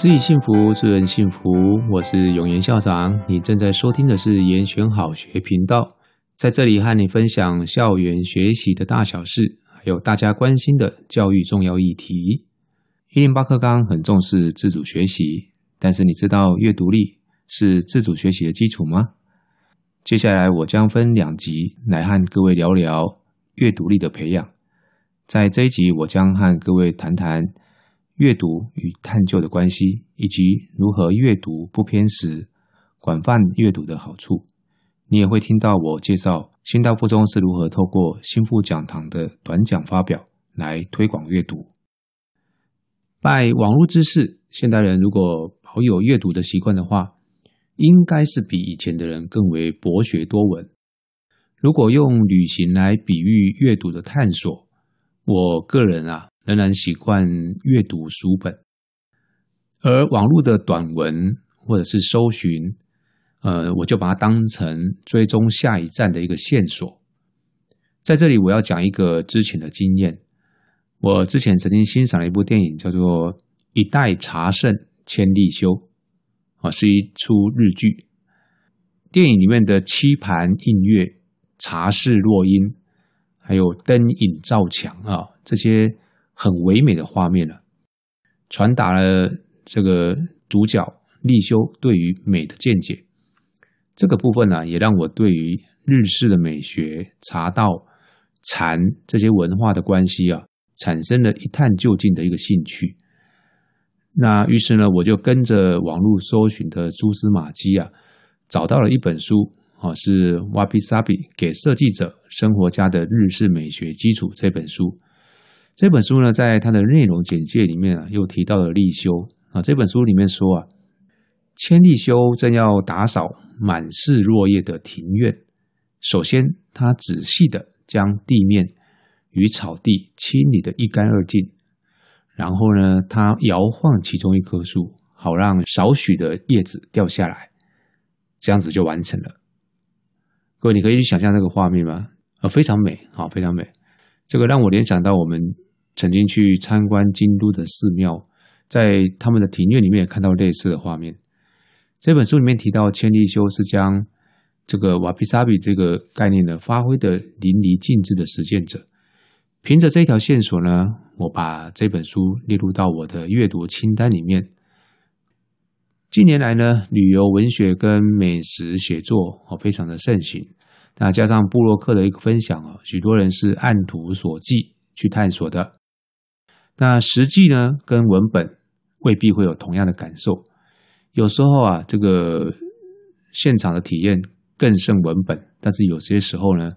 自己幸福，助人幸福。我是永言校長，你正在收聽的是研選好學頻道，在這裡和你分享校園學習的大小事，還有大家關心的教育重要議題。一零八課綱很重視自主學習，但是你知道閱讀力是自主學習的基礎嗎？接下來我將分兩集來和各位聊聊閱讀力的培養。在這一集，我將和各位談談。閱讀與探究的關係，以及如何閱讀不偏食、廣泛閱讀的好處，你也會聽到我介紹興大附中是如何透過興附講堂的短講發表來推廣閱讀。拜網絡之賜，現代人如果保有閱讀的習慣的話，應該是比以前的人更為博學多聞。如果用旅行來比喻閱讀的探索，我個人啊。仍然習慣閱讀書本，而網絡的短文或者是搜尋，呃，我就把它當成追蹤下一站的一個線索。在這裡，我要講一個之前的經驗。我之前曾經欣賞了一部電影，叫做《一代茶聖千利休》，啊，是一出日劇。電影裡面的七盤映月、茶室落英，還有燈影照牆啊，這些。很唯美的畫面了，啊，傳達了這個主角立修對於美的見解。這個部分呢，啊，也讓我對於日式的美學、茶道、禪這些文化的關係啊，產生了一探究竟的一個興趣。那於是呢，我就跟着網絡搜尋的蛛絲馬跡啊，找到了一本書啊，是《Wabi Sabi》給設計者、生活家的日式美學基礎這本書。這本書呢，在它的內容簡介裡面啊，又提到了利休。啊。這本書裡面說啊，千利休正要打掃滿是落葉的庭院，首先他仔細地將地面與草地清理得一乾二淨，然後呢，他搖晃其中一棵樹，好讓少許的葉子掉下來，這樣子就完成了。各位，你可以去想象那個畫面嗎？啊、哦，非常美，好、哦，非常美。這個讓我聯想到我們。曾經去參觀京都的寺廟，在他們的庭院裡面也看到類似的畫面。這本書裡面提到，千利休是將這個瓦皮薩比這個概念呢發揮的淋漓盡致的實踐者。憑着這一條線索呢，我把這本書列入到我的閱讀清單裡面。近年來呢，旅遊文學跟美食寫作，哦，非常的盛行。那加上部落客的一個分享哦，許多人是按圖索驥去探索的。那實際呢，跟文本未必會有同樣的感受。有時候啊，這個現場的體驗更勝文本。但是有些時候呢，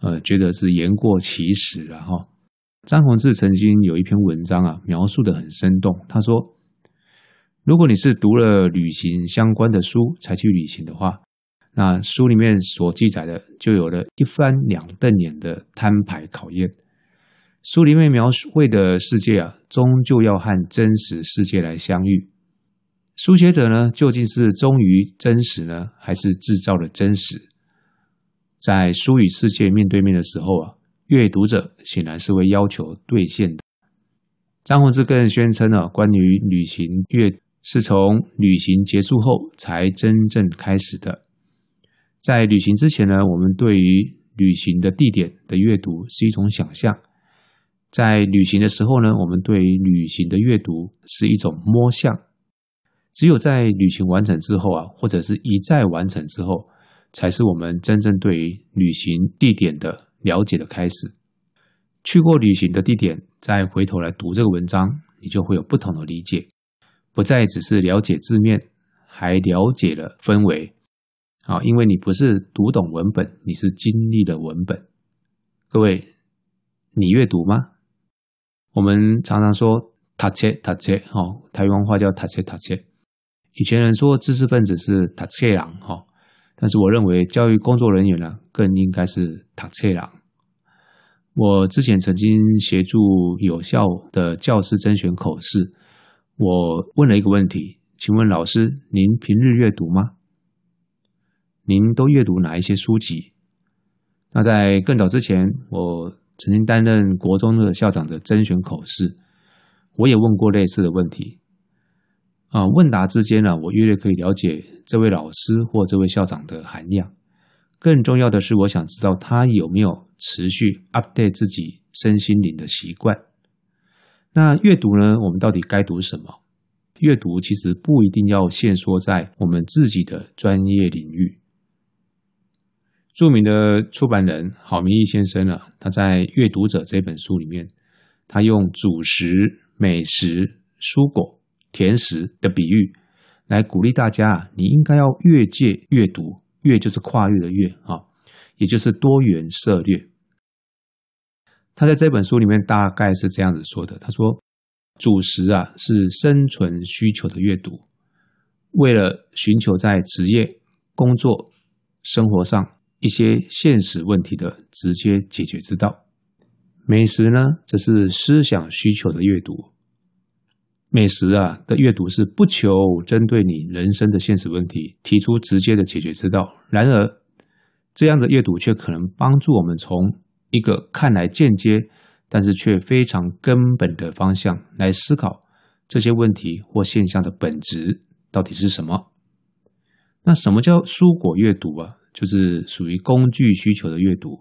呃，覺得是言過其實了、啊、哈。張宏志曾經有一篇文章啊，描述的很生動。他說，如果你是讀了旅行相關的書才去旅行的話，那書裡面所記載的就有了一翻兩瞪眼的攤牌考驗。書裡面描繪的世界啊，終究要和真實世界來相遇。書寫者呢，究竟是忠於真實呢，還是制造了真實？在書與世界面對面的時候啊，閱讀者顯然是會要求兌現的。張宏志更宣稱呢，啊，關於旅行閱讀是從旅行結束後才真正開始的。在旅行之前呢，我們對於旅行的地點的閱讀是一種想象。在旅行的時候呢，我們對旅行的閱讀是一種摸象。只有在旅行完成之後啊，或者是一再完成之後，才是我們真正對於旅行地點的了解的開始。去過旅行的地點，再回頭來讀這個文章，你就會有不同的理解，不再只是了解字面，還了解了氛圍。好，因為你不是讀懂文本，你是經歷了文本。各位，你閱讀嗎？我們常常說“塔切塔切”哦，台灣話叫“塔切塔切”。以前人說知識分子是“塔切郎”哈，但是我認為教育工作人員呢，更應該是“塔切郎”。我之前曾經協助有效的教師甄選口試，我問了一個問題：“請問老師，您平日閱讀嗎？您都閱讀哪一些書籍？”那在更早之前，我。曾經擔任國中的校長的甄選口試，我也問過類似的問題。啊，問答之間呢、啊，我越來越可以了解這位老師或這位校長的涵養。更重要的是，我想知道他有沒有持續 update 自己身心靈的習慣。那閱讀呢？我們到底該讀什麼？閱讀其實不一定要限縮在我們自己的專業領域。著名的出版人郝明義先生啊，他在《閱讀者》這本書裡面，他用主食、美食、蔬果、甜食的比喻，來鼓勵大家啊，你應該要越界閱讀，越就是跨越的越啊，也就是多元涉獵。他在這本書裡面大概是這樣子說的：他說，主食啊是生存需求的閱讀，為了尋求在職業、工作、生活上一些現實問題的直接解決之道。美食呢，則是思想需求的閱讀。美食啊的閱讀是不求針對你人生的現實問題提出直接的解決之道。然而，這樣的閱讀卻可能幫助我們從一個看來間接，但是卻非常根本的方向來思考這些問題或現象的本質到底是什麼。那什麼叫蔬果閱讀啊？就是屬於工具需求的閱讀，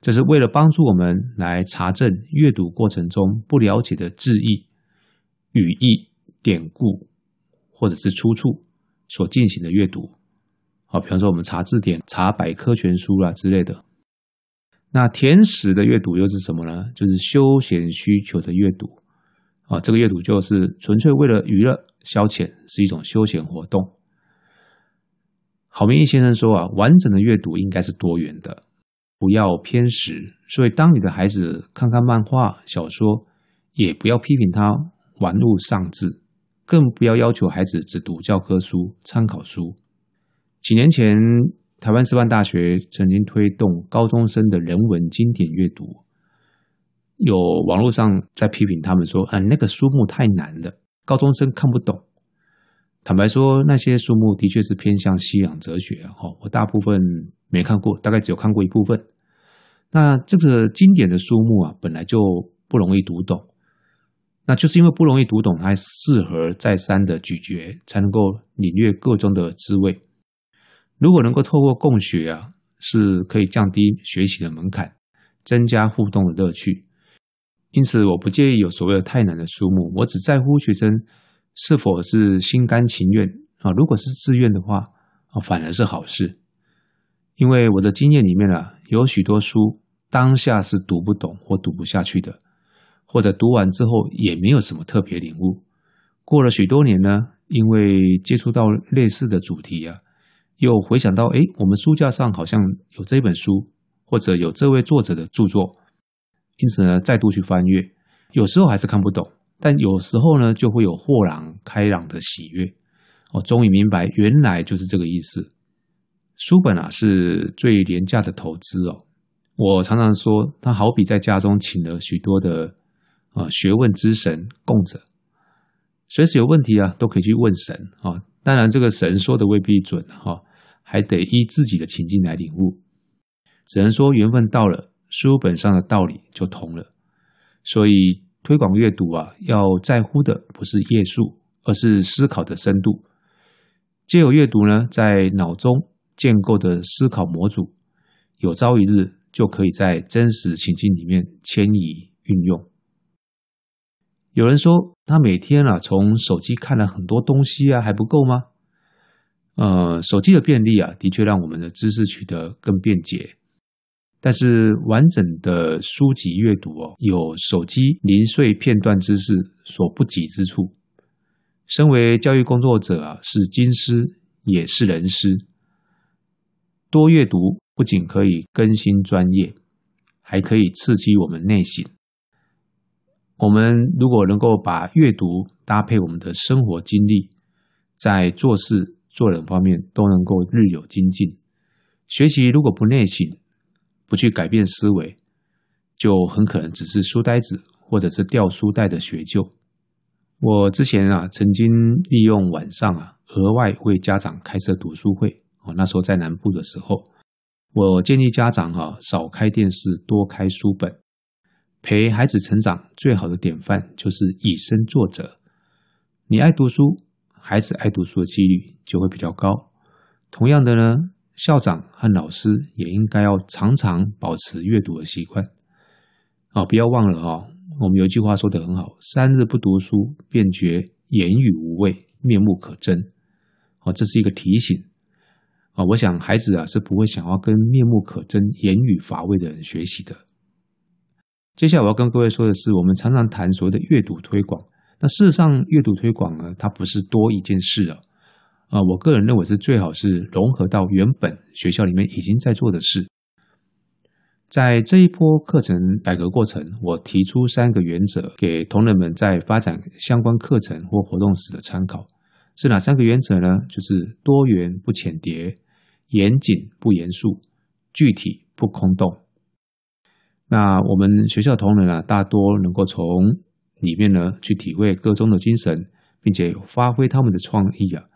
這是為了幫助我們來查證閱讀過程中不了解的字意、語義、典故或者是出處所進行的閱讀。啊，比方說我們查字典、查百科全書啊之類的。那甜食的閱讀又是什麼呢？就是休閒需求的閱讀。啊，這個閱讀就是純粹為了娛樂消遣，是一種休閒活動。郝明義先生說：“啊，完整的閱讀應該是多元的，不要偏食。所以，當你的孩子看看漫畫、小說，也不要批評他玩物喪志，更不要要求孩子只讀教科書、參考書。幾年前，台灣師範大學曾經推動高中生的人文經典閱讀，有網絡上在批評他們說：‘嗯，那個書目太難了，高中生看不懂。’”坦白說，那些書目的確是偏向西洋哲學，哈，我大部分沒看過，大概只有看過一部分。那這個經典的書目啊，本來就不容易讀懂，那就是因為不容易讀懂，還適合再三的咀嚼，才能夠領略各種的滋味。如果能夠透過共學啊，是可以降低學習的門檻，增加互動的樂趣。因此，我不介意有所謂的太難的書目，我只在乎學生。是否是心甘情願啊？如果是自願的話啊，反而是好事。因為我的經驗裡面啊，有許多書當下是讀不懂或讀不下去的，或者讀完之後也沒有什麼特別領悟。過了許多年呢，因為接觸到類似的主題啊，又回想到哎，我們書架上好像有這本書，或者有這位作者的著作，因此呢，再度去翻閱，有時候還是看不懂。但有時候呢，就會有豁然開朗的喜悅。我、哦、終於明白，原來就是這個意思。書本啊是最廉價的投資哦，我常常說，他好比在家中請了許多的呃、哦、學問之神供着，隨時有問題啊都可以去問神啊、哦。當然，這個神說的未必準哈、哦，還得依自己的情境來領悟。只能說緣分到了，書本上的道理就通了，所以。推廣閱讀啊，要在乎的不是頁數，而是思考的深度。藉由閱讀呢，在腦中建構的思考模組，有朝一日就可以在真實情境裡面遷移運用。有人說，他每天啊，從手機看了很多東西啊，還不夠嗎？呃，手機的便利啊，的確讓我們的知識取得更便捷。但是完整的書籍閱讀哦，有手機零碎片段知識所不及之處。身為教育工作者啊，是經師也是人師。多閱讀不僅可以更新專業，還可以刺激我們內心。我們如果能夠把閱讀搭配我們的生活經歷，在做事做人方面都能夠日有精進。學習如果不內省，不去改變思維，就很可能只是書呆子，或者是掉書袋的學究。我之前啊，曾經利用晚上啊，額外為家長開設讀書會。我那時候在南部的時候，我建議家長啊，少開電視，多開書本。陪孩子成長最好的典範就是以身作則。你愛讀書，孩子愛讀書的幾率就會比較高。同樣的呢。校長和老師也應該要常常保持閱讀的習慣，啊、哦，不要忘了啊、哦。我們有一句話說得很好：“三日不讀書，便覺言語無味，面目可憎。”哦，這是一個提醒啊、哦。我想孩子啊是不會想要跟面目可憎、言語乏味的人學習的。接下來我要跟各位說的是，我們常常談所謂的閱讀推廣，那事實上閱讀推廣呢、啊，它不是多一件事了、啊。啊，我個人認為是最好是融合到原本學校裡面已經在做的事。在這一波課程改革過程，我提出三個原則給同仁們在發展相關課程或活動時的參考，是哪三個原則呢？就是多元不淺碟，嚴謹不嚴肅，具體不空洞。那我們學校同仁啊，大多能夠從裡面呢去體會箇中的精神，並且發揮他們的創意啊。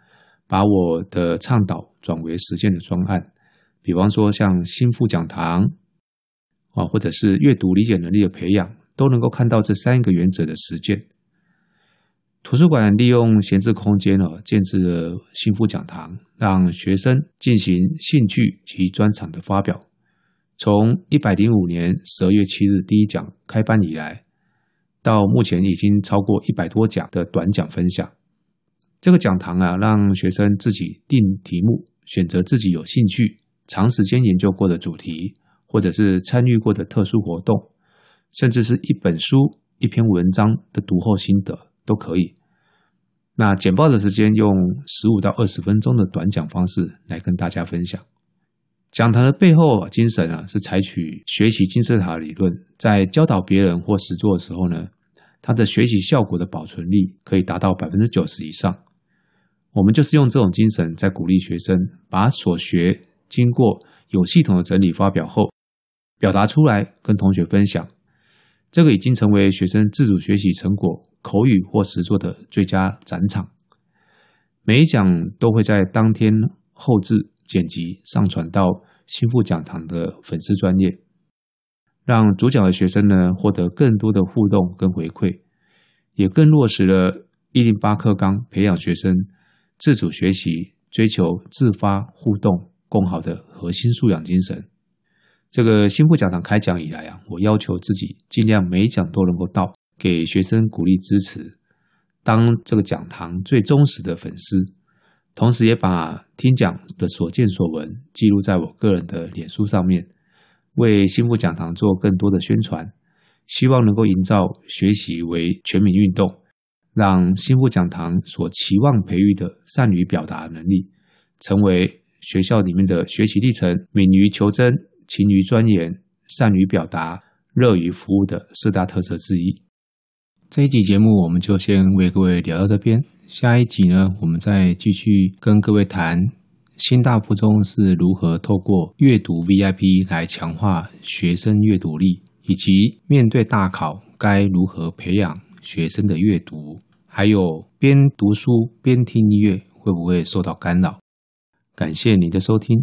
把我的倡導轉為實踐的專案，比方說像興附講堂啊，或者是閱讀理解能力的培養，都能夠看到這三個原則的實踐。圖書館利用閒置空間呢、啊，建置了興附講堂，讓學生進行興趣及專長的發表。從一百零五年十二月七日第一講開班以來，到目前已經超過一百多講的短講分享。這個講堂啊，讓學生自己定題目，選擇自己有興趣、長時間研究過的主題，或者是參與過的特殊活動，甚至是一本書、一篇文章的讀後心得都可以。那簡報的時間用十五到二十分鐘的短講方式來跟大家分享。講堂的背後精神啊，是採取學習金字塔的理論，在教導別人或實作的時候呢，他的學習效果的保存力可以達到百分之九十以上。我們就是用這種精神，在鼓勵學生把所學經過有系統的整理、發表後，表達出來，跟同學分享。這個已經成為學生自主學習成果、口語或實作的最佳展場。每一講都會在當天後製剪輯、上傳到興附講堂的粉絲專頁，讓主講的學生呢，獲得更多的互動跟回饋，也更落實了一零八課綱培養學生。自主學習、追求自發、互動共好的核心素養精神。這個興附講堂開講以來啊，我要求自己盡量每講都能夠到，給學生鼓勵支持，當這個講堂最忠實的粉絲，同時也把、啊、聽講的所見所聞記錄在我個人的臉書上面，為興附講堂做更多的宣傳，希望能夠營造學習為全民運動。讓興附講堂所期望培育的善於表達能力，成為學校裡面的學習歷程，敏於求真、勤於鑽研、善於表達、樂於服務的四大特色之一。這一集節目我們就先為各位聊到這邊，下一集呢，我們再繼續跟各位談興大附中是如何透過閱讀 VIP 來強化學生閱讀力，以及面對大考該如何培養學生的閱讀。還有邊讀書邊聽音樂會不會受到干擾？感謝您的收聽，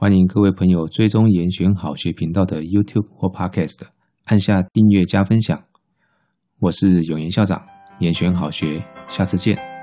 歡迎各位朋友追蹤嚴選好學頻道的 YouTube 或 Podcast，按下訂閱加分享。我是永言校長，嚴選好學，下次見。